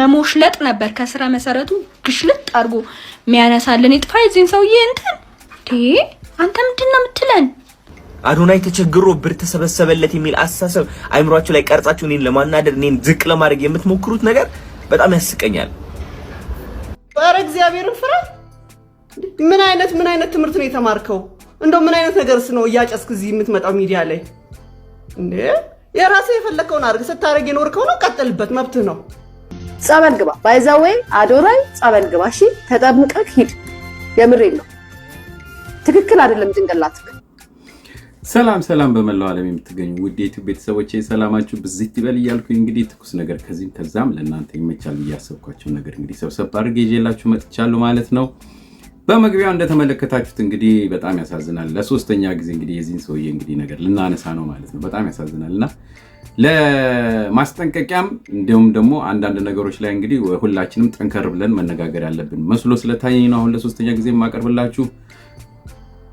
መሞሽለጥ ነበር ከስራ መሰረቱ ግሽልጥ አድርጎ የሚያነሳልን። ይጥፋ የዚህን ሰውዬ እንትን አንተ ምንድን ነው የምትለን? አዶናይ ተቸግሮ ብር ተሰበሰበለት የሚል አስተሳሰብ አይምሯችሁ ላይ ቀርጻችሁ እኔን ለማናደድ እኔን ዝቅ ለማድረግ የምትሞክሩት ነገር በጣም ያስቀኛል። ኧረ እግዚአብሔርን ፍራ። ምን አይነት ምን አይነት ትምህርት ነው የተማርከው? እንደው ምን አይነት ነገርስ ነው እያጨስክ እዚህ የምትመጣው ሚዲያ ላይ? እንዴ የራስህ የፈለከውን አድርግ። ስታረግ የኖርከው ነው ቀጥልበት፣ መብትህ ነው። ጸበል ግባ ባይዛ ወይ አዶራይ ጸበል ግባ እሺ፣ ተጠምቀህ ሂድ። የምሬን ነው። ትክክል አይደለም ጭንቅላትህ። ሰላም ሰላም፣ በመላው ዓለም የምትገኙ ውድ የኢትዮ ቤተሰቦች ሰላማችሁ ብዝት ይበል እያልኩኝ እንግዲህ ትኩስ ነገር ከዚህም ከዛም ለእናንተ ይመቻል እያሰብኳቸው ነገር እንግዲህ ሰብሰብ አድርጌ ይዤላችሁ መጥቻለሁ ማለት ነው። በመግቢያው እንደተመለከታችሁት እንግዲህ በጣም ያሳዝናል። ለሶስተኛ ጊዜ እንግዲህ የዚህን ሰውዬ እንግዲህ ነገር ልናነሳ ነው ማለት ነው። በጣም ያሳዝናል እና ለማስጠንቀቂያም እንዲሁም ደግሞ አንዳንድ ነገሮች ላይ እንግዲህ ሁላችንም ጠንከር ብለን መነጋገር ያለብን መስሎ ስለታየኝ ነው አሁን ለሶስተኛ ጊዜ የማቀርብላችሁ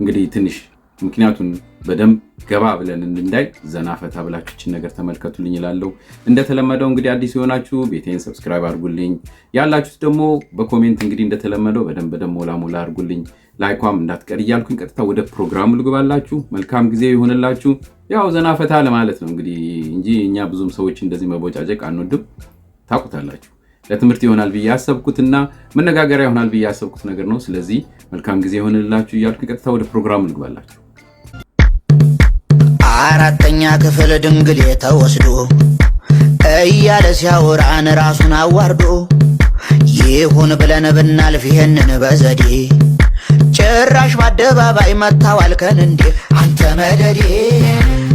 እንግዲህ ትንሽ ምክንያቱን በደንብ ገባ ብለን እንድንዳይ ዘና ፈታ ብላችሁችን ነገር ተመልከቱልኝ ይላለሁ። እንደተለመደው እንግዲህ አዲስ የሆናችሁ ቤቴን ሰብስክራይብ አድርጉልኝ፣ ያላችሁት ደግሞ በኮሜንት እንግዲህ እንደተለመደው በደንብ በደንብ ሞላ ሞላ አድርጉልኝ፣ ላይኳም እንዳትቀር እያልኩኝ ቀጥታ ወደ ፕሮግራሙ ልግባላችሁ። መልካም ጊዜ ይሆንላችሁ። ያው ዘና ፈታ ለማለት ነው እንግዲህ እንጂ እኛ ብዙም ሰዎች እንደዚህ መቦጫጨቅ አንወድም፣ ታውቁታላችሁ። ለትምህርት ይሆናል ብዬ ያሰብኩትና መነጋገሪያ ይሆናል ብዬ ያሰብኩት ነገር ነው። ስለዚህ መልካም ጊዜ ይሆንላችሁ እያልኩኝ ቀጥታ ወደ ፕሮግራሙ ልግባላችሁ። አራተኛ ክፍል ድንግሌ ተወስዶ እያለ ሲያወራን ራሱን አዋርዶ ይሁን ብለን ብናልፍ ይህንን በዘዴ ጭራሽ በአደባባይ መታዋልከን እንዴ አንተ መደዴ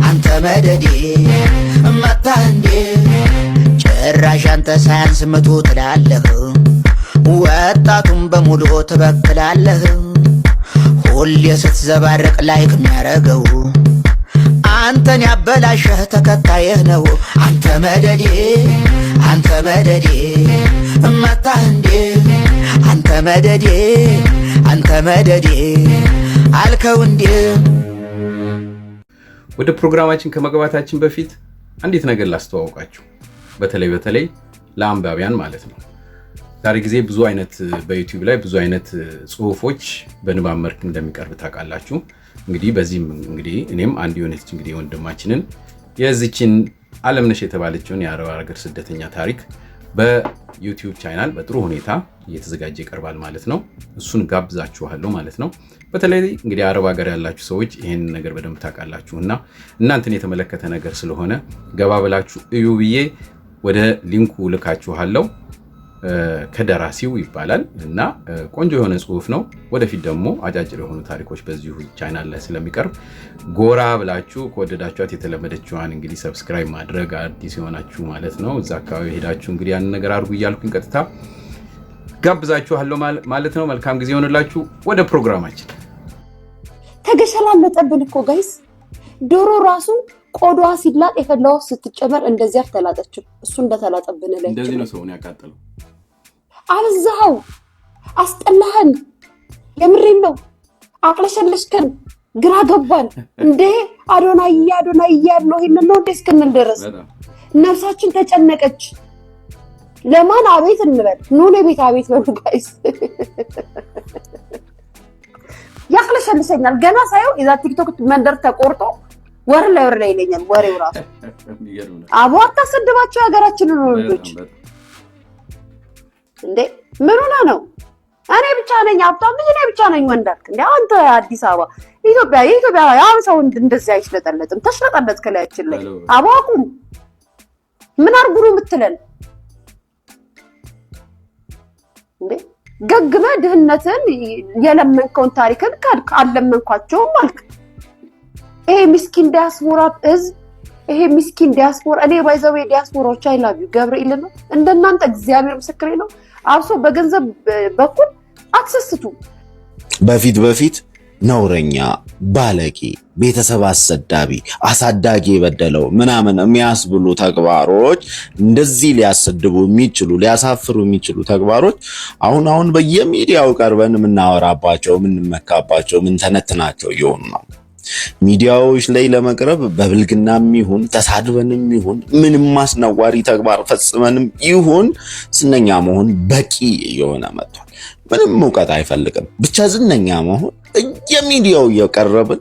አንተ መደዴ መታ እንዴ ጭራሽ አንተ ሳያንስ ምቱ ትላለህ፣ ወጣቱን በሙሉ ትበክላለህ። ሁሌ ስትዘባረቅ ላይክ የሚያረገው አንተን ያበላሸህ ተከታይህ ነው አንተ መደዴ አንተ መደዴ እመታህ እንዴ አንተ መደዴ አንተ መደዴ አልከው እንዴ። ወደ ፕሮግራማችን ከመግባታችን በፊት አንዲት ነገር ላስተዋውቃችሁ፣ በተለይ በተለይ ለአንባቢያን ማለት ነው። ዛሬ ጊዜ ብዙ አይነት በዩቲዩብ ላይ ብዙ አይነት ጽሁፎች በንባብ መልክ እንደሚቀርብ ታውቃላችሁ። እንግዲህ በዚህም እንግዲህ እኔም አንድ የሆነች እንግዲህ ወንድማችንን የዚችን አለምነሽ የተባለችውን የአረብ ሀገር ስደተኛ ታሪክ በዩቲዩብ ቻናል በጥሩ ሁኔታ እየተዘጋጀ ይቀርባል ማለት ነው። እሱን ጋብዛችኋለሁ ማለት ነው። በተለይ እንግዲህ አረብ ሀገር ያላችሁ ሰዎች ይህን ነገር በደንብ ታውቃላችሁ እና እናንተን የተመለከተ ነገር ስለሆነ ገባ ብላችሁ እዩ ብዬ ወደ ሊንኩ ልካችኋለሁ። ከደራሲው ይባላል እና ቆንጆ የሆነ ጽሁፍ ነው። ወደፊት ደግሞ አጫጭር የሆኑ ታሪኮች በዚሁ ቻናል ላይ ስለሚቀርብ ጎራ ብላችሁ ከወደዳችኋት የተለመደችዋን እንግዲህ ሰብስክራይብ ማድረግ አዲስ የሆናችሁ ማለት ነው እዛ አካባቢ ሄዳችሁ እንግዲህ ያንን ነገር አድርጉ እያልኩኝ ቀጥታ ጋብዛችኋለሁ ማለት ነው። መልካም ጊዜ የሆንላችሁ። ወደ ፕሮግራማችን ተገሸላለጠብን እኮ ጋይስ። ዶሮ ራሱ ቆዳዋ ሲላጥ የፈላው ስትጨመር እንደዚያ ተላጠችው። እሱ እንደተላጠብን ላይ እንደዚህ ነው ሰውን ያቃጠለው። አብዛው፣ አስጠላህን። የምሬን ነው። አቅለሸለሽከን፣ ግራ ገባን። እንዴ አዶናይ አዶናይ እያልነው ይህንን ነው እንዴ እስክንል ድረስ ነፍሳችን ተጨነቀች። ለማን አቤት እንበል? ኑን ለቤት አቤት በሉ ጋይስ። ያቅለሸልሸኛል ገና ሳየው የዛ ቲክቶክ መንደር ተቆርጦ ወር ላይ ወር ላይ ይለኛል ወሬው ራሱ። አቦ አታሰድባቸው የሀገራችንን ወንዶች እንዴ ምን ሆነ ነው? እኔ ብቻ ነኝ ሀብታም ልጅ፣ እኔ ብቻ ነኝ ወንዳት። እንዴ አንተ አዲስ አበባ ኢትዮጵያ፣ የኢትዮጵያ ያው ሰው እንደዚህ አይሽለጠለጥም። ተሽለጠለጥ ከላያችን ላይ አባቁም ምን አርጉሩ የምትለን እንዴ? ገግመ ድህነትን የለመንከውን ታሪክን ካድክ። አለመንኳቸውም አልክ። ይሄ ምስኪን ዲያስፖራ ህዝብ ይሄ ምስኪን ዲያስፖራ እኔ ባይዘው ዲያስፖራዎች አይላቪ ገብርኤል ነው እንደናንተ እግዚአብሔር ምስክሬ ነው። አብሶ በገንዘብ በኩል አትሰስቱ። በፊት በፊት ነውረኛ፣ ባለጌ፣ ቤተሰብ አሰዳቢ፣ አሳዳጊ የበደለው ምናምን የሚያስብሉ ተግባሮች እንደዚህ ሊያሰድቡ የሚችሉ ሊያሳፍሩ የሚችሉ ተግባሮች አሁን አሁን በየሚዲያው ቀርበን የምናወራባቸው፣ የምንመካባቸው፣ የምንተነትናቸው እየሆኑ ነው። ሚዲያዎች ላይ ለመቅረብ በብልግናም ይሁን ተሳድበንም ይሁን ምንም አስነዋሪ ተግባር ፈጽመንም ይሁን ዝነኛ መሆን በቂ እየሆነ መጥቷል። ምንም እውቀት አይፈልግም፣ ብቻ ዝነኛ መሆን የሚዲያው እየቀረብን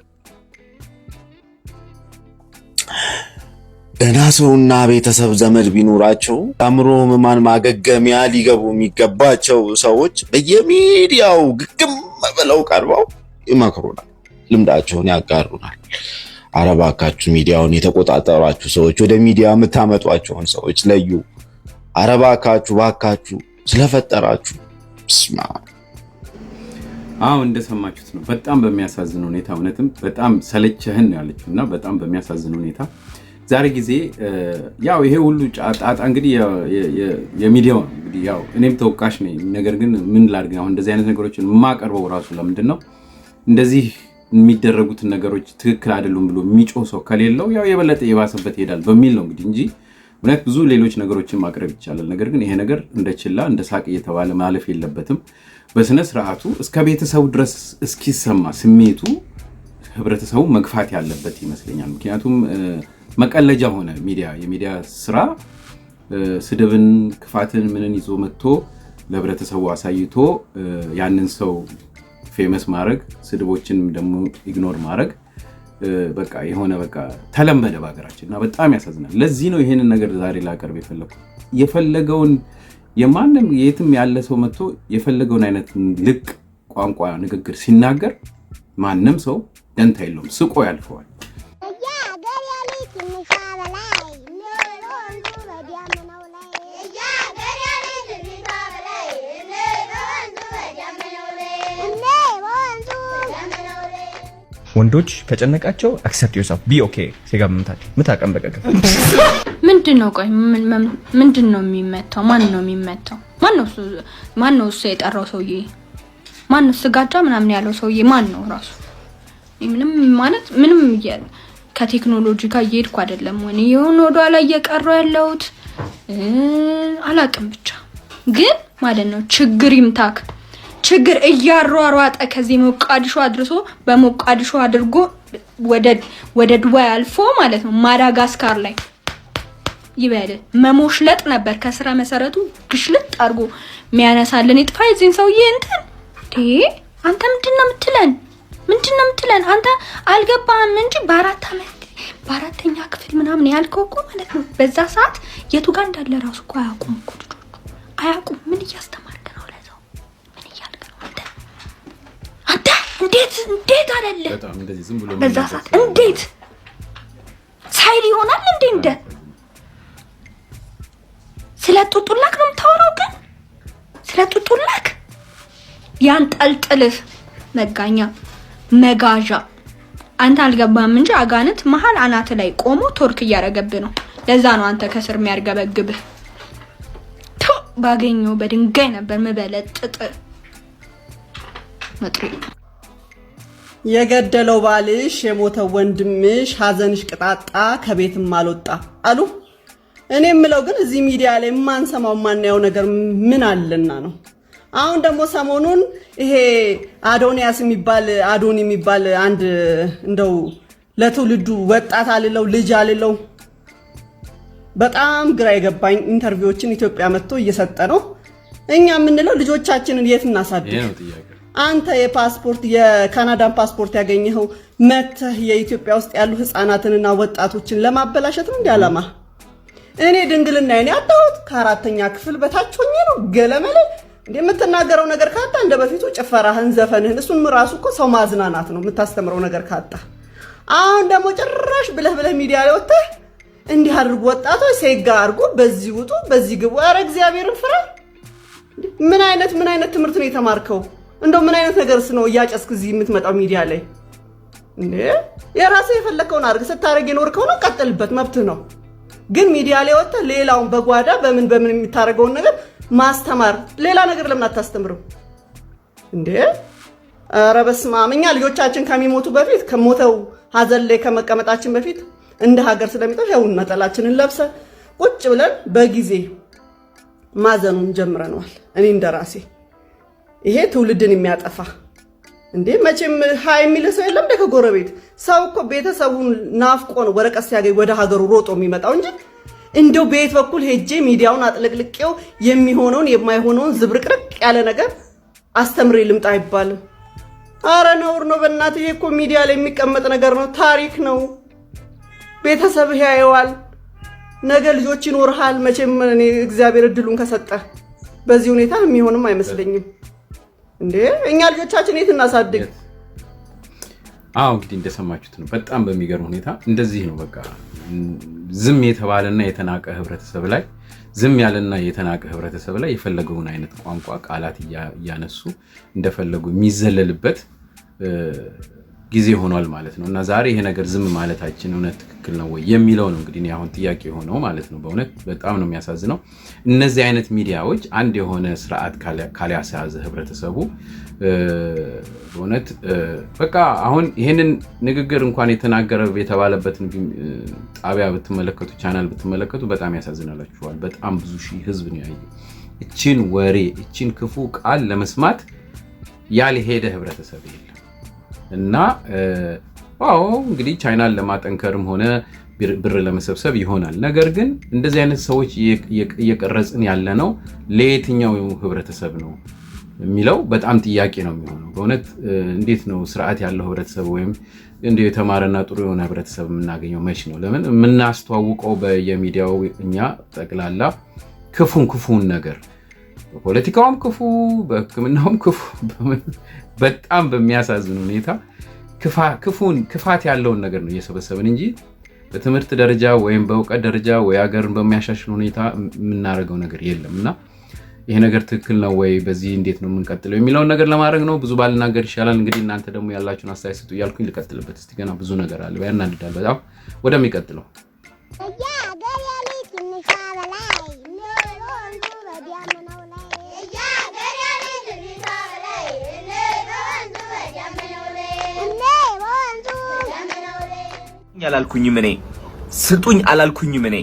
ደህና ሰውና ቤተሰብ ዘመድ ቢኖራቸው አእምሮ ሕሙማን ማገገሚያ ሊገቡ የሚገባቸው ሰዎች በየሚዲያው ግግም ብለው ቀርበው ይመክሩናል። ልምዳቸውን ያጋሩናል። አረባካችሁ ሚዲያውን የተቆጣጠሯችሁ ሰዎች ወደ ሚዲያ የምታመጧቸውን ሰዎች ለዩ። አረባካችሁ ባካችሁ ስለፈጠራችሁ። አዎ እንደሰማችሁት ነው። በጣም በሚያሳዝን ሁኔታ እውነትም በጣም ሰለቸህን ነው ያለችው እና በጣም በሚያሳዝን ሁኔታ ዛሬ ጊዜ ያው ይሄ ሁሉ ጣጣ እንግዲህ የሚዲያው እንግዲህ ያው እኔም ተወቃሽ ነኝ። ነገር ግን ምን ላድርግ አሁን እንደዚህ አይነት ነገሮችን የማቀርበው ራሱ ለምንድን ነው እንደዚህ የሚደረጉትን ነገሮች ትክክል አይደሉም ብሎ የሚጮህ ሰው ከሌለው ያው የበለጠ የባሰበት ይሄዳል በሚል ነው እንግዲህ እንጂ ምክንያት ብዙ ሌሎች ነገሮችን ማቅረብ ይቻላል። ነገር ግን ይሄ ነገር እንደ ችላ እንደ ሳቅ እየተባለ ማለፍ የለበትም። በስነ ስርዓቱ እስከ ቤተሰቡ ድረስ እስኪሰማ ስሜቱ ህብረተሰቡ መግፋት ያለበት ይመስለኛል። ምክንያቱም መቀለጃ ሆነ ሚዲያ የሚዲያ ስራ ስድብን፣ ክፋትን ምንን ይዞ መጥቶ ለህብረተሰቡ አሳይቶ ያንን ሰው ፌመስ ማድረግ፣ ስድቦችን ደግሞ ኢግኖር ማድረግ በቃ የሆነ በቃ ተለመደ በሀገራችን እና በጣም ያሳዝናል። ለዚህ ነው ይሄንን ነገር ዛሬ ላቀርብ የፈለኩ የፈለገውን የማንም የትም ያለ ሰው መጥቶ የፈለገውን አይነት ልቅ ቋንቋ ንግግር ሲናገር ማንም ሰው ደንታ የለውም፣ ስቆ ያልፈዋል። ወንዶች ከጨነቃቸው አክሰፕት ዮርሰልፍ ቢ ኦኬ ሴጋ መምታት ምታቀም በቀቀ ምንድን ነው? ቆይ ምንድን ነው የሚመታው? ማን ነው የሚመታው? ማን ነው እሱ የጠራው ሰውዬ? ማን ነው ስጋጃ ምናምን ያለው ሰውዬ ማን ነው ራሱ? ምንም ማለት ምንም ከቴክኖሎጂ ጋር እየሄድኩ አይደለም። ሆነ የሆነ ወደኋላ እየቀረሁ ያለሁት አላቅም። ብቻ ግን ማለት ነው ችግር ይምታክ ችግር እያሯሯጠ ከዚህ ሞቃዲሾ አድርሶ በሞቃዲሾ አድርጎ ወደ ዱባይ አልፎ ማለት ነው ማዳጋስካር ላይ ይበል መሞሽለጥ ነበር። ከስራ መሰረቱ ግሽልጥ አድርጎ የሚያነሳልን ይጥፋ። የዚህን ሰውዬ እንትን አንተ ምንድን ነው የምትለን? ምንድን ነው የምትለን? አንተ አልገባህም እንጂ በአራት ዓመት በአራተኛ ክፍል ምናምን ያልከው እኮ ማለት ነው። በዛ ሰዓት የቱ ጋር እንዳለ ራሱ እኮ አያውቁም እኮ ልጆቹ አያውቁም። ምን እያስተማር እንዴት እንዴት አይደለ? በዛ ሰዓት እንዴት ሳይል ይሆናል እንዴ? እንደ ስለ ጡጡላክ ነው የምታወራው። ግን ስለ ጡጡላክ መጋኛ መጋዣ አንተ አልገባም እንጂ አጋንንት መሀል አናት ላይ ቆሞ ቶርክ እያረገብህ ነው። ለዛ ነው አንተ ከስር የሚያርገበግብህ። ባገኘው በድንጋይ ነበር ምበለጥጥ መጥሪ የገደለው ባልሽ የሞተው ወንድምሽ ሀዘንሽ ቅጣጣ ከቤትም አልወጣ አሉ። እኔ የምለው ግን እዚህ ሚዲያ ላይ የማንሰማው የማናየው ነገር ምን አለና ነው? አሁን ደግሞ ሰሞኑን ይሄ አዶንያስ የሚባል አዶኒ የሚባል አንድ እንደው ለትውልዱ ወጣት አልለው ልጅ አልለው በጣም ግራ የገባኝ ኢንተርቪዎችን ኢትዮጵያ መጥቶ እየሰጠ ነው። እኛ የምንለው ልጆቻችንን የት እናሳድግ አንተ የፓስፖርት የካናዳን ፓስፖርት ያገኘኸው መተህ የኢትዮጵያ ውስጥ ያሉ ህፃናትንና ወጣቶችን ለማበላሸት ነው እንዲ አላማ። እኔ ድንግልና ኔ አጣሁት ከአራተኛ ክፍል በታች ሆኜ ነው ገለመለ። የምትናገረው ነገር ካጣ እንደ በፊቱ ጭፈራህን፣ ዘፈንህን እሱን ራሱ እኮ ሰው ማዝናናት ነው የምታስተምረው ነገር ካጣ። አሁን ደግሞ ጭራሽ ብለህ ብለህ ሚዲያ ላይ ወጥተህ እንዲህ አድርጉ ወጣቶች፣ ሴጋ አድርጉ፣ በዚህ ውጡ፣ በዚህ ግቡ። ኧረ እግዚአብሔርን ፍራ። ምን አይነት ምን አይነት ትምህርት ነው የተማርከው? እንደው ምን አይነት ነገርስ ነው እያጨስክ እዚህ የምትመጣው ሚዲያ ላይ? እንዴ የራስህ የፈለከውን አድርግ። ስታደርግ የኖርከው ነው ቀጥልበት፣ መብት ነው። ግን ሚዲያ ላይ ወጥተህ ሌላውን በጓዳ በምን በምን የሚታረገውን ነገር ማስተማር፣ ሌላ ነገር ለምን አታስተምርም እንዴ? ኧረ በስመ አብ። እኛ ልጆቻችን ከሚሞቱ በፊት ከሞተው ሀዘን ላይ ከመቀመጣችን በፊት እንደ ሀገር ስለሚጠፍ ያው ነጠላችንን ለብሰ ቁጭ ብለን በጊዜ ማዘኑን ጀምረነዋል። እኔ እንደራሴ ይሄ ትውልድን የሚያጠፋ እንዴ መቼም ሀ የሚል ሰው የለም። እንደ ከጎረቤት ሰው እኮ ቤተሰቡን ናፍቆን ወረቀት ሲያገኝ ወደ ሀገሩ ሮጦ የሚመጣው እንጂ እንደው በየት በኩል ሄጄ ሚዲያውን አጥለቅልቄው የሚሆነውን የማይሆነውን ዝብርቅርቅ ያለ ነገር አስተምሬ ልምጣ አይባልም። አረ ነውር ነው በእናት ይሄ እኮ ሚዲያ ላይ የሚቀመጥ ነገር ነው፣ ታሪክ ነው። ቤተሰብህ ያየዋል፣ ነገ ልጆች ይኖርሃል። መቼም እግዚአብሔር እድሉን ከሰጠ በዚህ ሁኔታ የሚሆንም አይመስለኝም። እንዴ እኛ ልጆቻችን የት እናሳድግ? አዎ እንግዲህ እንደሰማችሁት ነው። በጣም በሚገርም ሁኔታ እንደዚህ ነው። በቃ ዝም የተባለና የተናቀ ህብረተሰብ ላይ ዝም ያለና የተናቀ ህብረተሰብ ላይ የፈለገውን አይነት ቋንቋ ቃላት እያነሱ እንደፈለጉ የሚዘለልበት ጊዜ ሆኗል ማለት ነው እና ዛሬ ይሄ ነገር ዝም ማለታችን እውነት ትክክል ነው ወይ የሚለው ነው እንግዲህ አሁን ጥያቄ የሆነው ማለት ነው። በእውነት በጣም ነው የሚያሳዝነው። እነዚህ አይነት ሚዲያዎች አንድ የሆነ ስርዓት ካልያሳያዘ ህብረተሰቡ በእውነት በቃ አሁን ይህንን ንግግር እንኳን የተናገረ የተባለበትን ጣቢያ ብትመለከቱ፣ ቻናል ብትመለከቱ በጣም ያሳዝናላችኋል። በጣም ብዙ ሺህ ህዝብ ነው ያየ እችን ወሬ እችን ክፉ ቃል ለመስማት ያልሄደ ህብረተሰብ እና አዎ እንግዲህ ቻይናን ለማጠንከርም ሆነ ብር ለመሰብሰብ ይሆናል። ነገር ግን እንደዚህ አይነት ሰዎች እየቀረጽን ያለ ነው ለየትኛው ህብረተሰብ ነው የሚለው በጣም ጥያቄ ነው የሚሆነው። በእውነት እንዴት ነው ስርዓት ያለው ህብረተሰብ ወይም እንደ የተማረና ጥሩ የሆነ ህብረተሰብ የምናገኘው መች ነው? ለምን የምናስተዋውቀው በየሚዲያው እኛ ጠቅላላ ክፉን ክፉን ነገር በፖለቲካውም ክፉ፣ በህክምናውም ክፉ በጣም በሚያሳዝን ሁኔታ ክፉን ክፋት ያለውን ነገር ነው እየሰበሰብን እንጂ በትምህርት ደረጃ ወይም በእውቀት ደረጃ ወይ ሀገርን በሚያሻሽል ሁኔታ የምናደርገው ነገር የለም እና ይሄ ነገር ትክክል ነው ወይ፣ በዚህ እንዴት ነው የምንቀጥለው የሚለውን ነገር ለማድረግ ነው። ብዙ ባልናገር ይሻላል። እንግዲህ እናንተ ደግሞ ያላችሁን አስተያየት ስጡ እያልኩኝ ልቀጥልበት። እስቲ ገና ብዙ ነገር አለ፣ ያናድዳል በጣም። ወደሚቀጥለው አላልኩኝም እኔ ስጡኝ አላልኩኝም እኔ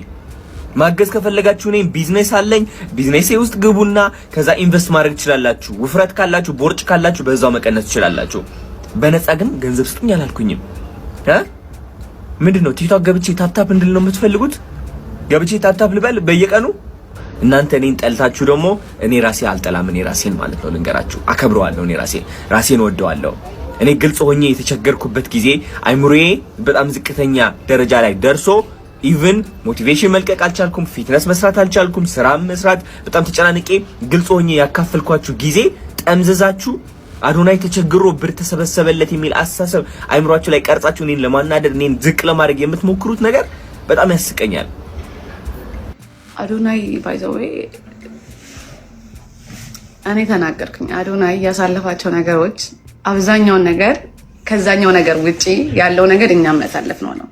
ማገዝ ከፈለጋችሁ እኔ ቢዝነስ አለኝ። ቢዝነሴ ውስጥ ግቡና ከዛ ኢንቨስት ማድረግ ትችላላችሁ። ውፍረት ካላችሁ፣ ቦርጭ ካላችሁ በዛው መቀነስ ትችላላችሁ። በነፃ ግን ገንዘብ ስጡኝ አላልኩኝም። ምንድን ነው ቲክቶክ ገብቼ ታፕታፕ እንድል ነው የምትፈልጉት? ገብቼ ታፕታፕ ልበል በየቀኑ? እናንተ እኔን ጠልታችሁ ደግሞ እኔ ራሴ አልጠላም። እኔ ራሴን ማለት ነው ልንገራችሁ፣ አከብረዋለሁ። እኔ ራሴን ራሴን ወደዋለሁ። እኔ ግልጽ ሆኜ የተቸገርኩበት ጊዜ አይምሮዬ በጣም ዝቅተኛ ደረጃ ላይ ደርሶ ኢቭን ሞቲቬሽን መልቀቅ አልቻልኩም፣ ፊትነስ መስራት አልቻልኩም፣ ስራ መስራት በጣም ተጨናንቄ ግልጽ ሆኜ ያካፈልኳችሁ ጊዜ ጠምዘዛችሁ አዶናይ ተቸግሮ ብር ተሰበሰበለት የሚል አስተሳሰብ አይምሯችሁ ላይ ቀርጻችሁ እኔን ለማናደድ እኔን ዝቅ ለማድረግ የምትሞክሩት ነገር በጣም ያስቀኛል። አዶናይ ባይዘዌ እኔ ተናገርኩኝ። አዶናይ ያሳለፋቸው ነገሮች አብዛኛውን ነገር ከዛኛው ነገር ውጪ ያለው ነገር እኛ መሳለፍ ነው ነው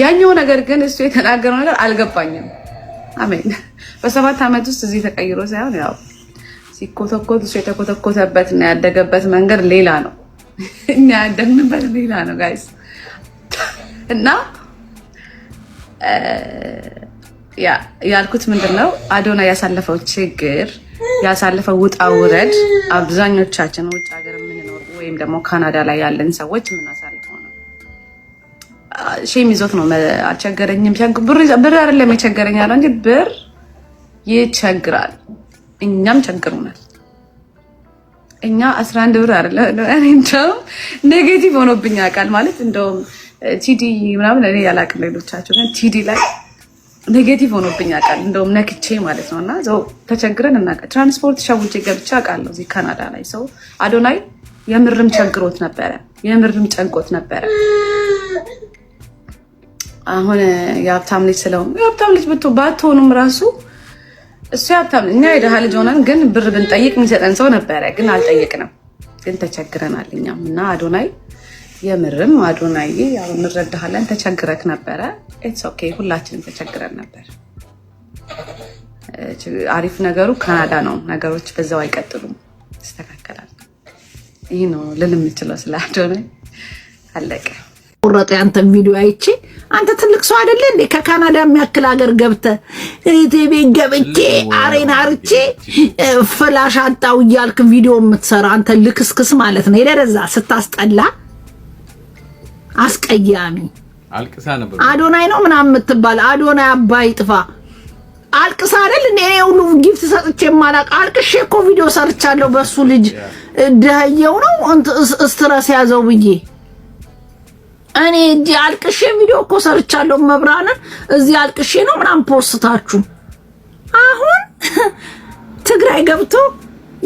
ያኛው ነገር ግን እሱ የተናገረው ነገር አልገባኝም። አሜን። በሰባት ዓመት ውስጥ እዚህ ተቀይሮ ሳይሆን ያው ሲኮተኮት እሱ የተኮተኮተበት እና ያደገበት መንገድ ሌላ ነው፣ እኛ ያደግንበት ሌላ ነው ጋይስ እና ያልኩት ምንድን ነው አዶና ያሳለፈው ችግር ያሳለፈው ውጣ ውረድ አብዛኞቻችን ውጭ ሀገር የምንለው ወይም ደግሞ ካናዳ ላይ ያለን ሰዎች የምናሳልፈው ነው። ሼም ይዞት ነው አልቸገረኝም። ብር አይደለም የቸገረኝ አለ እንጂ ብር ይቸግራል። እኛም ቸግሩናል። እኛ አስራ አንድ ብር አለ እንደውም ኔጌቲቭ ሆኖብኝ ያውቃል። ማለት እንደውም ቲዲ ምናምን እኔ ያላቅም ሌሎቻቸው ግን ቲዲ ላይ ኔጌቲቭ ሆኖብኝ ያውቃል። እንደውም ነክቼ ማለት ነው እና ተቸግረን እና ትራንስፖርት ሸውጄ ገብቼ አውቃለሁ እዚህ ካናዳ ላይ ሰው አዶናይ የምርም ጨንቅሮት ነበረ። የምርም ጨንቆት ነበረ። አሁን የሀብታም ልጅ ስለሆኑ የሀብታም ልጅ ባትሆኑም ራሱ እሱ የሀብታም እኛ የድሃ ልጅ ሆነን ግን ብር ብንጠይቅ የሚሰጠን ሰው ነበረ፣ ግን አልጠየቅንም። ግን ተቸግረናል እኛም እና አዶናይ የምርም አዶናይ እንረዳሃለን። ተቸግረክ ነበረ። ኢትስ ኦኬ ሁላችንም ተቸግረን ነበር። አሪፍ ነገሩ ካናዳ ነው። ነገሮች በዛው አይቀጥሉም፣ ይስተካከላል። ይህ ነው ልል የምችለው ስላልሆነ አለቀ። ቁረጠ ያንተን ቪዲዮ አይቼ አንተ ትልቅ ሰው አይደለ እንዴ? ከካናዳ የሚያክል ሀገር ገብተ ቲቪ ገብቼ አሬና አርቼ ፍላሽ አጣው እያልክ ቪዲዮ የምትሰራ አንተ ልክስክስ ማለት ነው። የደረዛ ስታስጠላ አስቀያሚ አዶናይ ነው ምናምን የምትባል አዶናይ አባይ ጥፋ አልቅሳ አይደል እኔ ሁሉ ጊፍት ሰጥቼ ማላቅ አልቅሼ እኮ ቪዲዮ ሰርቻለሁ። በሱ ልጅ ደህየው ነው ስትረስ ያዘው ብዬ እኔ እጅ አልቅሼ ቪዲዮ እኮ ሰርቻለሁ። መብራንን እዚህ አልቅሼ ነው ምናምን ፖስታችሁ አሁን ትግራይ ገብቶ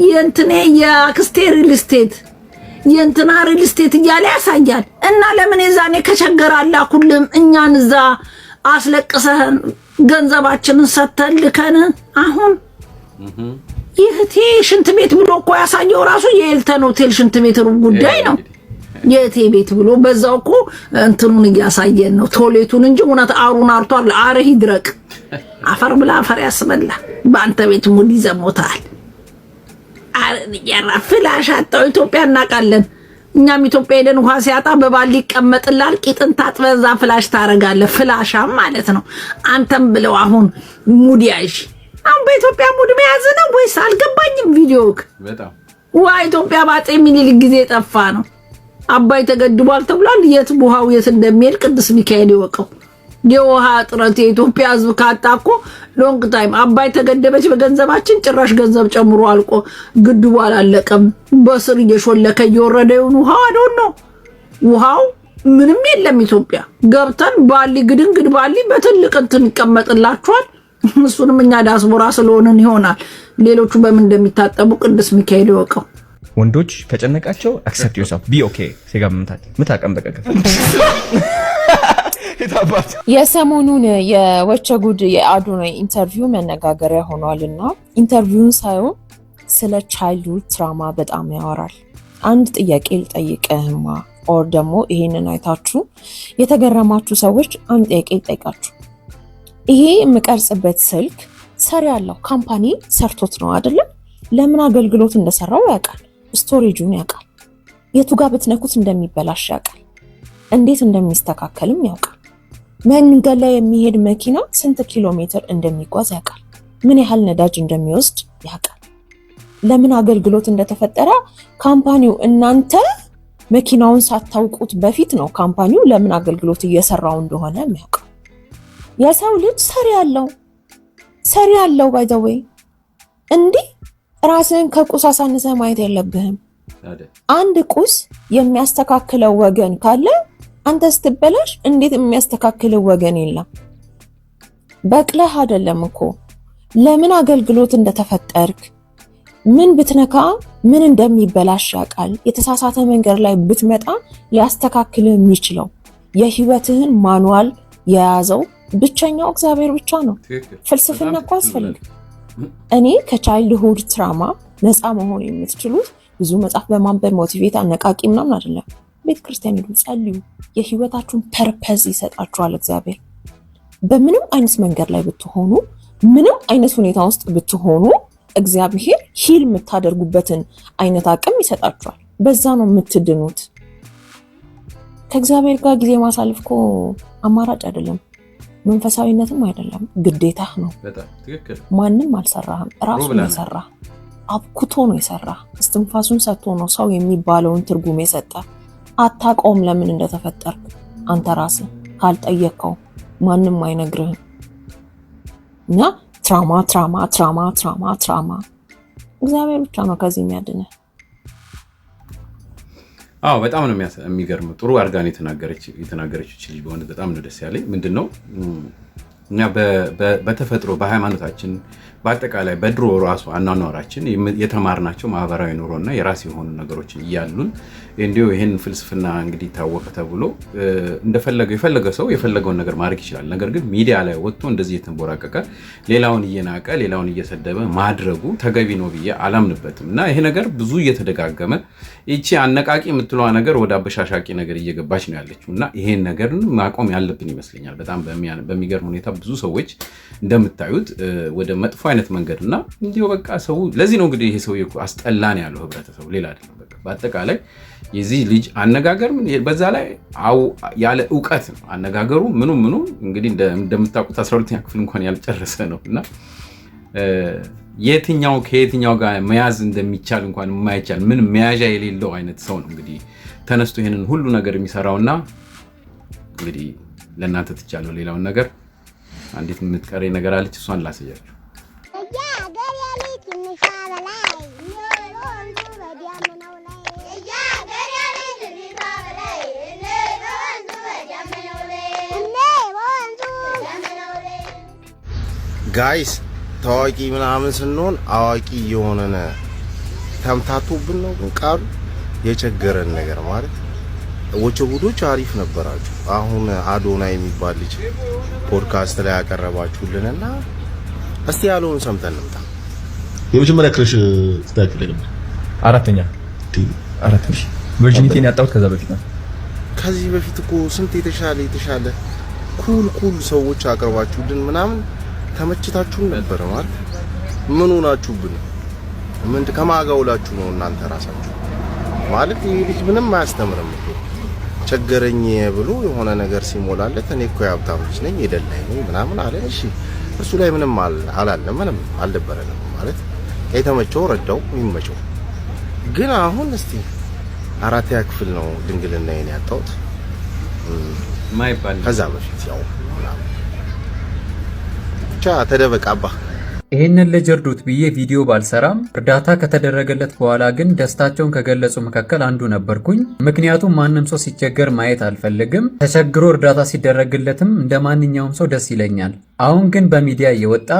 የእንትኔ የአክስቴ ሪል ስቴት የእንትና ሪል ስቴት እያለ ያሳያል። እና ለምን የዛኔ ከቸገር አላኩልም እኛን እዛ አስለቅሰህን ገንዘባችንን ሰተን ልከን አሁን ይህቴ ሽንት ቤት ብሎ እኮ ያሳየው ራሱ የኤልተን ሆቴል ሽንት ቤት ጉዳይ ነው። የቴ ቤት ብሎ በዛው እኮ እንትኑን እያሳየን ነው ቶሌቱን እንጂ እውነት አሩን አርቷል። አርህ ይድረቅ። አፈር ብላ አፈር ያስበላ። በአንተ ቤት ሙድ ይዘሞታል። ፍላሽ አጣው። ኢትዮጵያ እናውቃለን። እኛም ኢትዮጵያ ሄደን ውሃ ሲያጣ በባል ይቀመጥላል። ቂጥን ታጥበዛ ፍላሽ ታረጋለ ፍላሻም ማለት ነው። አንተም ብለው አሁን ሙድ ያዥ። አሁን በኢትዮጵያ ሙድ መያዝ ነው ወይስ አልገባኝም። ቪዲዮ ውሃ ኢትዮጵያ በአፄ ምኒልክ ጊዜ ጠፋ ነው። አባይ ተገድቧል ተብሏል። የት ውሃው የት እንደሚሄድ ቅዱስ ሚካኤል ይወቀው። የውሃ እጥረት የኢትዮጵያ ህዝብ ካጣ እኮ ሎንግ ታይም አባይ ተገደበች በገንዘባችን ጭራሽ ገንዘብ ጨምሮ አልቆ ግድቡ አላለቀም። በስር እየሾለከ እየወረደ ይሁን ውሃው አደውን ነው ውሃው ምንም የለም። ኢትዮጵያ ገብተን ባሊ ግድንግድ ባሊ በትልቅ እንትን ይቀመጥላችኋል። እሱንም እኛ ዲያስፖራ ስለሆንን ይሆናል። ሌሎቹ በምን እንደሚታጠቡ ቅዱስ ሚካኤል ይወቀው። ወንዶች ከጨነቃቸው አክሰፕት ዮርሰልፍ ቢ ኦኬ ሴጋ ምታቀም በቀቀ የሰሞኑን የወቸ ጉድ የአዶናይ ኢንተርቪው መነጋገሪያ ሆኗል እና ኢንተርቪውን ሳይሆን ስለ ቻይልድሁድ ትራማ በጣም ያወራል። አንድ ጥያቄ ልጠይቅህማ፣ ኦር ደግሞ ይሄንን አይታችሁ የተገረማችሁ ሰዎች አንድ ጥያቄ ልጠይቃችሁ። ይሄ የምቀርጽበት ስልክ ሰሪ ያለው ካምፓኒ ሰርቶት ነው አይደለም? ለምን አገልግሎት እንደሰራው ያውቃል፣ ስቶሬጁን ያውቃል፣ የቱ ጋር ብትነኩት እንደሚበላሽ ያውቃል፣ እንዴት እንደሚስተካከልም ያውቃል። መንገድ ላይ የሚሄድ መኪና ስንት ኪሎ ሜትር እንደሚጓዝ ያውቃል። ምን ያህል ነዳጅ እንደሚወስድ ያውቃል። ለምን አገልግሎት እንደተፈጠረ ካምፓኒው እናንተ መኪናውን ሳታውቁት በፊት ነው ካምፓኒው ለምን አገልግሎት እየሰራው እንደሆነ የሚያውቀው። የሰው ልጅ ሰሪ አለው ሰሪ አለው ባይ ዘ ወይ እንዲህ ራስህን ከቁስ አሳንሰ ማየት የለብህም። አንድ ቁስ የሚያስተካክለው ወገን ካለ አንተ ስትበላሽ እንዴት የሚያስተካክል ወገን የለም። በቅለህ አይደለም እኮ ለምን አገልግሎት እንደተፈጠርክ ምን ብትነካ ምን እንደሚበላሽ ያውቃል። የተሳሳተ መንገድ ላይ ብትመጣ ሊያስተካክል የሚችለው የህይወትህን ማኑዋል የያዘው ብቸኛው እግዚአብሔር ብቻ ነው። ፍልስፍና እኮ አስፈልግ። እኔ ሁድ ትራማ ነፃ መሆን የምትችሉት ብዙ መጽሐፍ በማንበብ ሞቲቬት አነቃቂ ምናምን አይደለም። ቤተ ክርስቲያን ሄዱ፣ ጸልዩ። የህይወታችሁን ፐርፐዝ ይሰጣችኋል እግዚአብሔር። በምንም አይነት መንገድ ላይ ብትሆኑ፣ ምንም አይነት ሁኔታ ውስጥ ብትሆኑ እግዚአብሔር ሂል የምታደርጉበትን አይነት አቅም ይሰጣችኋል። በዛ ነው የምትድኑት። ከእግዚአብሔር ጋር ጊዜ ማሳለፍ እኮ አማራጭ አይደለም፣ መንፈሳዊነትም አይደለም፣ ግዴታህ ነው። ማንም አልሰራህም፣ ራሱ የሰራ አብኩቶ ነው የሰራ እስትንፋሱን ሰጥቶ ነው ሰው የሚባለውን ትርጉም የሰጠ አታውቀውም ለምን እንደተፈጠርክ አንተ ራስ ካልጠየቅከው ማንም አይነግርህም። እና ትራማ ትራማ ትራማ ትራማ ትራማ እግዚአብሔር ብቻ ነው ከዚህ የሚያድነ። አዎ በጣም ነው የሚገርመው። ጥሩ አድርጋ የተናገረች ልጅ በሆነ በጣም ነው ደስ ያለኝ። ምንድን ነው እኛ በተፈጥሮ በሃይማኖታችን በአጠቃላይ በድሮ ራሱ አኗኗራችን የተማርናቸው ማህበራዊ ኑሮና የራስ የሆኑ ነገሮች እያሉን እንዲሁ ይህን ፍልስፍና እንግዲህ ታወቀ ተብሎ እንደፈለገው የፈለገ ሰው የፈለገውን ነገር ማድረግ ይችላል። ነገር ግን ሚዲያ ላይ ወጥቶ እንደዚህ የተንቦራቀቀ ሌላውን እየናቀ ሌላውን እየሰደበ ማድረጉ ተገቢ ነው ብዬ አላምንበትም እና ይሄ ነገር ብዙ እየተደጋገመ ይቺ አነቃቂ የምትለዋ ነገር ወደ አበሻሻቂ ነገር እየገባች ነው ያለችው እና ይሄን ነገር ማቆም ያለብን ይመስለኛል። በጣም በሚገርም ሁኔታ ብዙ ሰዎች እንደምታዩት ወደ መጥፎ አይነት መንገድ እና እንዲሁ በቃ ሰው ለዚህ ነው እንግዲህ ይሄ ሰውዬ አስጠላን ያለው ህብረተሰቡ፣ ሌላ አይደለም። በቃ በአጠቃላይ የዚህ ልጅ አነጋገር በዛ ላይ ያለ እውቀት ነው አነጋገሩ፣ ምኑ ምኑ እንግዲህ እንደምታውቁት 12 ክፍል እንኳን ያልጨረሰ ነው እና የትኛው ከየትኛው ጋር መያዝ እንደሚቻል እንኳን የማይቻል ምን መያዣ የሌለው አይነት ሰው ነው እንግዲህ ተነስቶ ይህንን ሁሉ ነገር የሚሰራውና እንግዲህ ለእናንተ ትቻለሁ። ሌላውን ነገር አንዲት የምትቀረኝ ነገር አለች፣ እሷን ላሳያችሁ። ጋይስ ታዋቂ ምናምን ስንሆን አዋቂ የሆነን ተምታቶብን ነው ግን ቃሉ የቸገረን ነገር ማለት ወቸ ጉዶች አሪፍ ነበራችሁ። አሁን አዶና የሚባል ልጅ ፖድካስት ላይ ያቀረባችሁልንና እስቲ ያለውን ሰምተን እንምጣ። የመጀመሪያ ክረሽ ስታክ ላይ ነበር። አራተኛ አራተኛ ቨርጂኒቲን ያጣሁት ከዛ በፊት ነው። ከዚህ በፊት እኮ ስንት የተሻለ የተሻለ ኩል ኩል ሰዎች አቅርባችሁልን ምናምን ተመችታችሁ ነበር ማለት ምን ሆናችሁብን? ምን ከማጋውላችሁ ነው እናንተ ራሳችሁ ማለት ይህ ልጅ ምንም አያስተምርም። ቸገረኝ ብሎ የሆነ ነገር ሲሞላለት እኔ እኮ የሀብታም ልጅ ነኝ የደላኝ ነኝ ምናምን አለ። እሺ እሱ ላይ ምንም አላለም፣ ምንም አልደበረንም ማለት የተመቸው ረዳው ይመቸው። ግን አሁን እስቲ አራተኛ ክፍል ነው ድንግልና ያጣሁት ማይባል ከዛ በፊት ያው ብቻ ተደበቃባ። ይህንን ልጅ እርዱት ብዬ ቪዲዮ ባልሰራም እርዳታ ከተደረገለት በኋላ ግን ደስታቸውን ከገለጹ መካከል አንዱ ነበርኩኝ። ምክንያቱም ማንም ሰው ሲቸገር ማየት አልፈልግም። ተቸግሮ እርዳታ ሲደረግለትም እንደ ማንኛውም ሰው ደስ ይለኛል። አሁን ግን በሚዲያ እየወጣ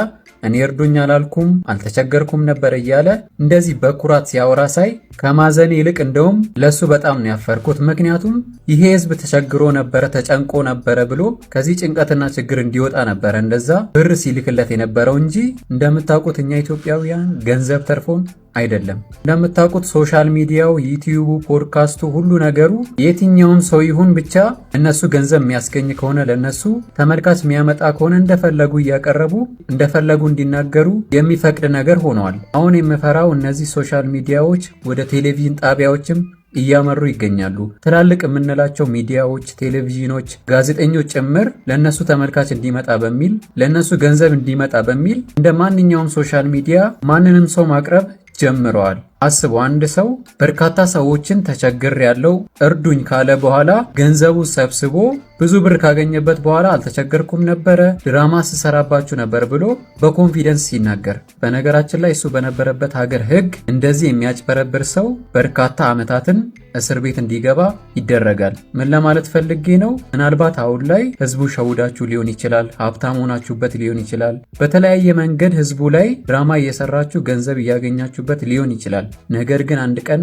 እኔ እርዱኝ አላልኩም አልተቸገርኩም ነበር እያለ እንደዚህ በኩራት ሲያወራ ሳይ ከማዘኔ ይልቅ እንደውም ለሱ በጣም ነው ያፈርኩት። ምክንያቱም ይሄ ህዝብ ተቸግሮ ነበረ ተጨንቆ ነበረ ብሎ ከዚህ ጭንቀትና ችግር እንዲወጣ ነበረ እንደዛ ብር ሲልክለት የነበረው እንጂ እንደምታውቁት እኛ ኢትዮጵያውያን ገንዘብ ተርፎን አይደለም እንደምታውቁት ሶሻል ሚዲያው፣ ዩቲዩቡ፣ ፖድካስቱ፣ ሁሉ ነገሩ የትኛውም ሰው ይሁን ብቻ እነሱ ገንዘብ የሚያስገኝ ከሆነ ለነሱ ተመልካች የሚያመጣ ከሆነ እንደፈለጉ እያቀረቡ እንደፈለጉ እንዲናገሩ የሚፈቅድ ነገር ሆነዋል። አሁን የምፈራው እነዚህ ሶሻል ሚዲያዎች ወደ ቴሌቪዥን ጣቢያዎችም እያመሩ ይገኛሉ። ትላልቅ የምንላቸው ሚዲያዎች፣ ቴሌቪዥኖች፣ ጋዜጠኞች ጭምር ለእነሱ ተመልካች እንዲመጣ በሚል ለእነሱ ገንዘብ እንዲመጣ በሚል እንደ ማንኛውም ሶሻል ሚዲያ ማንንም ሰው ማቅረብ ጀምረዋል። አስቡ አንድ ሰው በርካታ ሰዎችን ተቸግር ያለው እርዱኝ ካለ በኋላ ገንዘቡ ሰብስቦ ብዙ ብር ካገኘበት በኋላ አልተቸገርኩም ነበረ፣ ድራማ ስሰራባችሁ ነበር ብሎ በኮንፊደንስ ሲናገር፣ በነገራችን ላይ እሱ በነበረበት ሀገር ሕግ እንደዚህ የሚያጭበረብር ሰው በርካታ ዓመታትን እስር ቤት እንዲገባ ይደረጋል። ምን ለማለት ፈልጌ ነው? ምናልባት አሁን ላይ ህዝቡ ሸውዳችሁ ሊሆን ይችላል፣ ሀብታም ሆናችሁበት ሊሆን ይችላል፣ በተለያየ መንገድ ህዝቡ ላይ ድራማ እየሰራችሁ ገንዘብ እያገኛችሁበት ሊሆን ይችላል። ነገር ግን አንድ ቀን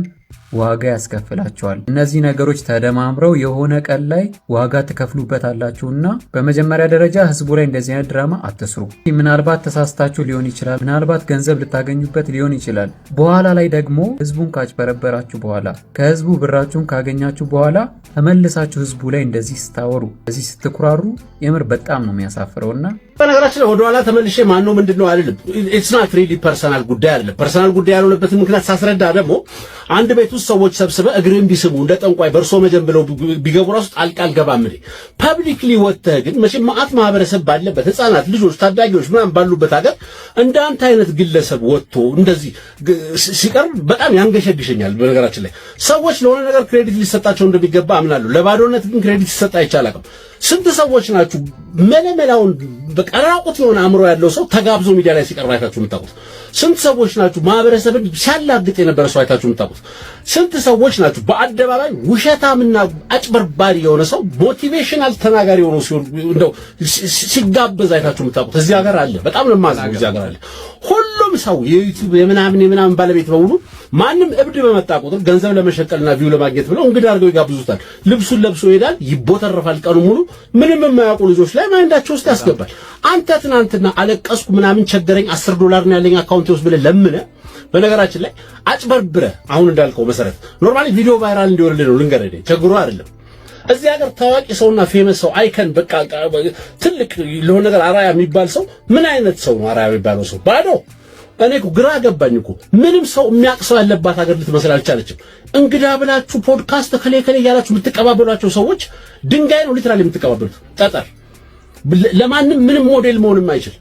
ዋጋ ያስከፍላቸዋል። እነዚህ ነገሮች ተደማምረው የሆነ ቀን ላይ ዋጋ ትከፍሉበታላችሁ እና በመጀመሪያ ደረጃ ህዝቡ ላይ እንደዚህ አይነት ድራማ አትስሩ። ምናልባት ተሳስታችሁ ሊሆን ይችላል። ምናልባት ገንዘብ ልታገኙበት ሊሆን ይችላል። በኋላ ላይ ደግሞ ህዝቡን ካጭበረበራችሁ በኋላ ከህዝቡ ብራችሁን ካገኛችሁ በኋላ ተመልሳችሁ ህዝቡ ላይ እንደዚህ ስታወሩ፣ እዚህ ስትኩራሩ የምር በጣም ነው የሚያሳፍረው እና በነገራችን ላይ ወደኋላ ተመልሼ ማነው ምንድን ነው አይደለም ኢትስ ናት ሪሊ ፐርሰናል ጉዳይ አይደለም። ፐርሰናል ጉዳይ ያልሆነበትን ምክንያት ሳስረዳ ደግሞ አንድ ቤት ውስጥ ሰዎች ሰብስበ እግርህን ቢስሙ እንደ ጠንቋይ በእርሶ መጀን ብለው ቢገቡ ራሱ ጣልቃ አልገባም። ፐብሊክሊ ወጥተህ ግን መቼም ማአት ማህበረሰብ ባለበት ህፃናት፣ ልጆች፣ ታዳጊዎች ምናምን ባሉበት ሀገር እንዳንተ አይነት ግለሰብ ወጥቶ እንደዚህ ሲቀርብ በጣም ያንገሸግሸኛል። በነገራችን ላይ ሰዎች ለሆነ ነገር ክሬዲት ሊሰጣቸው እንደሚገባ አምናለሁ። ለባዶነት ግን ክሬዲት ሊሰጣ አይቻልም። ስንት ሰዎች ናችሁ መለመላውን በቀራቁት የሆነ አእምሮ ያለው ሰው ተጋብዞ ሚዲያ ላይ ሲቀርብ አይታችሁ የምታውቁት? ስንት ሰዎች ናችሁ ማህበረሰብን ሲያላግጥ የነበረ ሰው አይታችሁ የምታውቁት? ስንት ሰዎች ናቸው በአደባባይ ውሸታምና አጭበርባሪ የሆነ ሰው ሞቲቬሽናል ተናጋሪ የሆነ ሲሆን እንደው ሲጋበዝ አይታችሁ የምታውቁት እዚህ ሀገር አለ። በጣም ለማዝ እዚህ ሀገር አለ ሁሉ ሰው የዩቲዩብ የምናምን የምናምን ባለቤት በሙሉ ማንም እብድ በመጣ ቁጥር ገንዘብ ለመሸቀልና ቪው ለማግኘት ብለው እንግዳ አድርገው ይጋብዙታል። ልብሱን ለብሶ ይሄዳል፣ ይቦተረፋል። ቀኑ ሙሉ ምንም የማያውቁ ልጆች ላይ ማይንዳቸው ውስጥ ያስገባል። አንተ ትናንትና አለቀስኩ ምናምን ቸገረኝ፣ አስር ዶላር ነው ያለኝ አካውንት ውስጥ ብለህ ለምነ በነገራችን ላይ አጭበርብረ አሁን እንዳልከው መሰረት ኖርማሊ ቪዲዮ ቫይራል እንዲወርድ ነው ልንገረደ ችግሩ አይደለም። እዚህ ሀገር ታዋቂ ሰውና ፌመስ ሰው አይከን በቃ ትልቅ ለሆነ ነገር አራያ የሚባል ሰው ምን አይነት ሰው ነው? አራያ የሚባለው ሰው ባዶ እኔ እኮ ግራ ገባኝ እኮ ምንም ሰው የሚያውቅ ሰው ያለባት ሀገር ልትመስል አልቻለችም። እንግዳ ብላችሁ ፖድካስት ከሌ ከሌ እያላችሁ የምትቀባበሏቸው ሰዎች ድንጋይ ነው ሊትራል የምትቀባበሉት ጠጠር። ለማንም ምንም ሞዴል መሆንም አይችል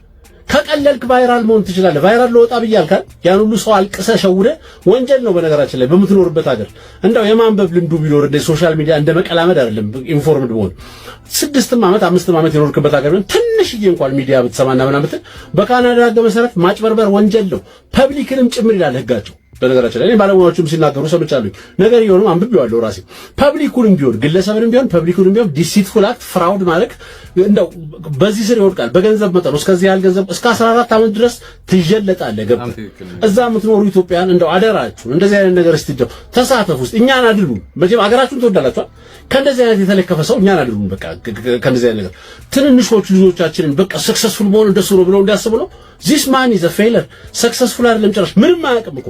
ከቀለልክ ቫይራል መሆን ትችላለህ። ቫይራል ለወጣ ብያልካል። ያን ሁሉ ሰው አልቅሰ ሸውደ ወንጀል ነው። በነገራችን ላይ በምትኖርበት ሀገር እንደው የማንበብ ልምዱ ቢኖር እንደ ሶሻል ሚዲያ እንደ መቀላመድ አይደለም። ኢንፎርምድ መሆን ስድስትም ዓመት አምስትም ዓመት የኖርክበት ሀገር ቢሆን ትንሽዬ እንኳን ሚዲያ ብትሰማና ምናምን በካናዳ ሕግ መሰረት ማጭበርበር ወንጀል ነው። ፐብሊክንም ጭምር ይላል ሕጋቸው። በነገራችን ላይ ባለሙያዎቹም ሲናገሩ ሰምቻለሁ። ነገር ይሆንም አንብቤዋለሁ ራሴ። ፐብሊኩንም ቢሆን ግለሰብንም ቢሆን ፐብሊኩንም ቢሆን ዲሲትፉል አክት ፍራውድ ማለት እንደው በዚህ ስር ይወድቃል። በገንዘብ መጠን እስከዚህ ያህል ገንዘብ እስከ 14 ዓመት ድረስ ትጀለጣለ። ገብ እዛ የምትኖሩ ኢትዮጵያን እንደው አደራችሁ እንደዚህ አይነት ነገር እስቲ ደው ተሳተፉ እስቲ እኛን አድሉ። መቼም አገራችሁን ትወዳላችኋል። ከእንደዚህ አይነት የተለከፈ ሰው እኛን አድሉ። በቃ ከእንደዚህ አይነት ነገር ትንንሾቹ ልጆቻችንን በቃ ሰክሰስፉል መሆን ደስ ብሎ ብለው እንዲያስቡ ነው። ዚስ ማን ኢዝ አ ፌለር። ሰክሰስፉል አይደለም ጭራሽ ምንም አያውቅም እኮ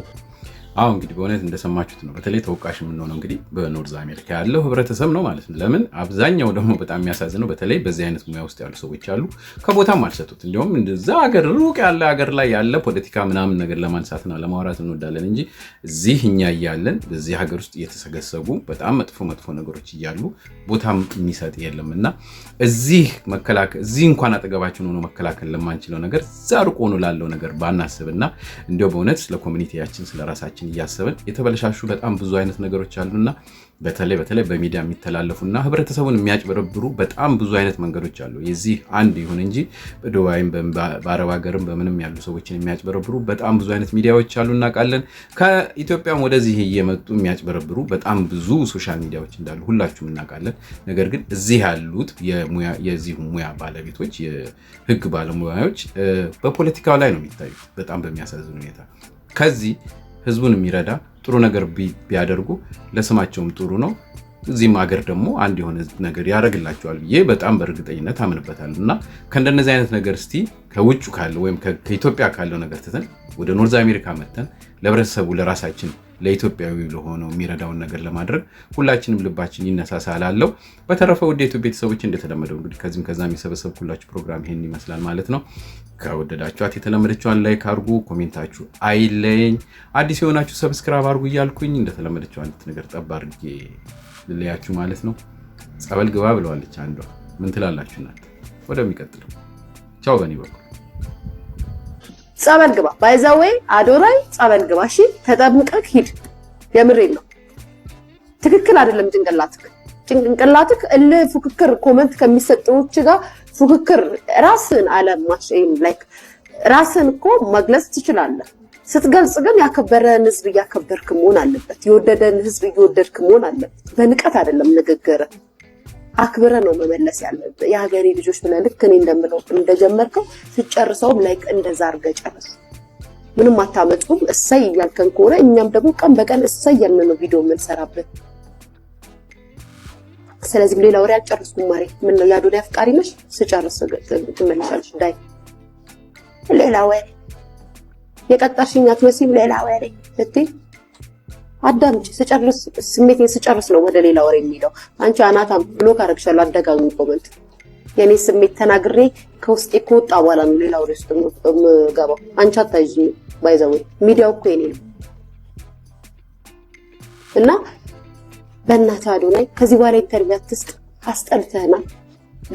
አሁ እንግዲህ በእውነት እንደሰማችሁት ነው። በተለይ ተወቃሽ የምንሆነው እንግዲህ በኖርዝ አሜሪካ ያለው ህብረተሰብ ነው ማለት ነው። ለምን አብዛኛው ደግሞ በጣም የሚያሳዝነው በተለይ በዚህ አይነት ሙያ ውስጥ ያሉ ሰዎች አሉ፣ ከቦታም አልሰጡት። እንዲሁም እንደዛ ሀገር ሩቅ ያለ ሀገር ላይ ያለ ፖለቲካ ምናምን ነገር ለማንሳትና ለማውራት እንወዳለን እንጂ እዚህ እኛ እያለን በዚህ ሀገር ውስጥ እየተሰገሰጉ በጣም መጥፎ መጥፎ ነገሮች እያሉ ቦታም የሚሰጥ የለም እና እዚህ መከላከል እዚህ እንኳን አጠገባችን ሆኖ መከላከል ለማንችለው ነገር እዛ ርቆ ሆኖ ላለው ነገር ባናስብና እንዲያው በእውነት ስለ ኮሚኒቲያችን ስለ ራሳችን እያሰብን የተበለሻሹ በጣም ብዙ አይነት ነገሮች አሉና በተለይ በተለይ በሚዲያ የሚተላለፉና ህብረተሰቡን የሚያጭበረብሩ በጣም ብዙ አይነት መንገዶች አሉ። የዚህ አንድ ይሁን እንጂ በዱባይም በአረብ ሀገርም በምንም ያሉ ሰዎችን የሚያጭበረብሩ በጣም ብዙ አይነት ሚዲያዎች አሉ እናውቃለን። ከኢትዮጵያም ወደዚህ እየመጡ የሚያጭበረብሩ በጣም ብዙ ሶሻል ሚዲያዎች እንዳሉ ሁላችሁም እናውቃለን። ነገር ግን እዚህ ያሉት የዚህ ሙያ ባለቤቶች የህግ ባለሙያዎች በፖለቲካው ላይ ነው የሚታዩት በጣም በሚያሳዝን ሁኔታ ከዚህ ህዝቡን የሚረዳ ጥሩ ነገር ቢያደርጉ ለስማቸውም ጥሩ ነው። እዚህም ሀገር ደግሞ አንድ የሆነ ነገር ያደርግላቸዋል ብዬ በጣም በእርግጠኝነት አምንበታል። እና ከእንደነዚህ አይነት ነገር እስቲ ከውጭ ካለው ወይም ከኢትዮጵያ ካለው ነገር ትተን ወደ ኖርዝ አሜሪካ መተን ለህብረተሰቡ ለራሳችን ለኢትዮጵያዊ ለሆነው የሚረዳውን ነገር ለማድረግ ሁላችንም ልባችን ይነሳሳል አለው። በተረፈ ውድ ቤተሰቦች እንደተለመደው እንግዲህ ከዚህም ከዛም የሰበሰብኩላችሁ ፕሮግራም ይሄን ይመስላል ማለት ነው። ከወደዳችኋት የተለመደችዋን ላይክ አድርጉ፣ ኮሜንታችሁ አይለየኝ። አዲስ የሆናችሁ ሰብስክራይብ አድርጉ እያልኩኝ እንደተለመደችው አንዲት ነገር ጠብ አድርጌ ልለያችሁ ማለት ነው። ጸበል ግባ ብለዋለች አንዷ። ምን ትላላችሁ እናንተ? ወደሚቀጥለው ቻው። በእኔ በኩል ጸበል ግባ ባይዛወይ አዶራይ ጸበል ግባ። እሺ ተጠምቀህ ሂድ። የምሬን ነው። ትክክል አይደለም ጭንቅላትክ ጭንቅላትክ እልህ ፉክክር ኮመንት ከሚሰጥሮች ጋር ፉክክር ራስን አለም ላይክ ራስን እኮ መግለጽ ትችላለህ። ስትገልጽ ግን ያከበረን ህዝብ እያከበርክ መሆን አለበት። የወደደን ህዝብ እየወደድክ መሆን አለበት። በንቀት አይደለም ንግግር አክብረ ነው መመለስ ያለብህ። የሀገሬ ልጆች ብለህ ልክ እኔ እንደምለው እንደጀመርከው ስጨርሰውም ላይክ እንደዛ አድርገህ ጨርስ። ምንም አታመጡም እሰይ እያልከን ከሆነ እኛም ደግሞ ቀን በቀን እሰይ ያልነው ቪዲዮ የምንሰራበት ስለዚህም ሌላ ወሬ አልጨረስኩም። ማሬ ምን ነው ያዶላ አፍቃሪ ነሽ? ስጨርስ ትመለሻለሽ። ዳይ ሌላ ወሬ የቀጠርሽኝ አትመስይም። ሌላ ወሬ ስትይ አዳምጪ። ስጨርስ ስሜቴን ስጨርስ ነው ወደ ሌላ ወሬ የሚለው። አንቺ አናታም ብሎክ አደረግሻለሁ። አደጋግሚ ኮመንት የኔ ስሜት ተናግሬ ከውስጤ ከወጣ በኋላ ነው ሌላ ወሬ ውስጥ የምገባው። አንቺ አታይዥ ባይዘው ሚዲያው እኮ የኔ ነው እና በእናትህ አዶናይ ከዚህ በኋላ ኢንተርቪው አትስጥ፣ አስጠልተህናል።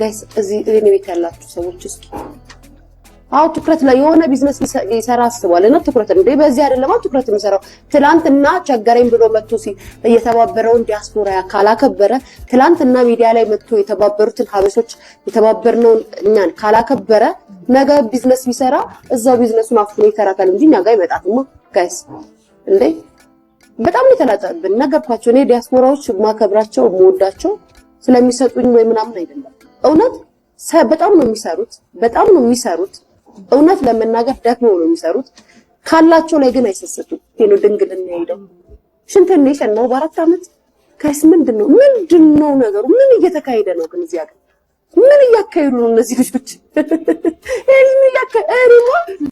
ጋይስ እዚህ እኔ ቤት ያላችሁ ሰዎች እስኪ አዎ ትኩረት ላይ የሆነ ቢዝነስ ሊሰራ አስቧል እና ትኩረት እንዴ በዚህ አይደለማ ትኩረት የሚሰራው ትላንትና ቸገረኝ ብሎ መጥቶ እየተባበረውን ዲያስፖራ ካላከበረ ትላንትና ሚዲያ ላይ መጥቶ የተባበሩትን ሀበሾች የተባበርነውን እኛን ካላከበረ ነገ ቢዝነስ ቢሰራ እዛው ቢዝነሱን አፍኖ ይተራታል እንጂ እኛ ጋር ይመጣትማ ጋይስ እንዴ በጣም የተላጠብን ነገርኳቸው። እኔ ዲያስፖራዎች ማከብራቸው የምወዳቸው ስለሚሰጡኝ ወይ ምናምን አይደለም። እውነት በጣም ነው የሚሰሩት፣ በጣም ነው የሚሰሩት። እውነት ለመናገር ደክመው ነው የሚሰሩት። ካላቸው ላይ ግን አይሰሰቱም። ይሄ ድንግልና ሄደው ሽንትን ነው በአራት ዓመት ከስ ምንድን ነው ምንድን ነው ነገሩ? ምን እየተካሄደ ነው ግን እዚያ ምን እያካሄዱ ነው እነዚህ ልጆች?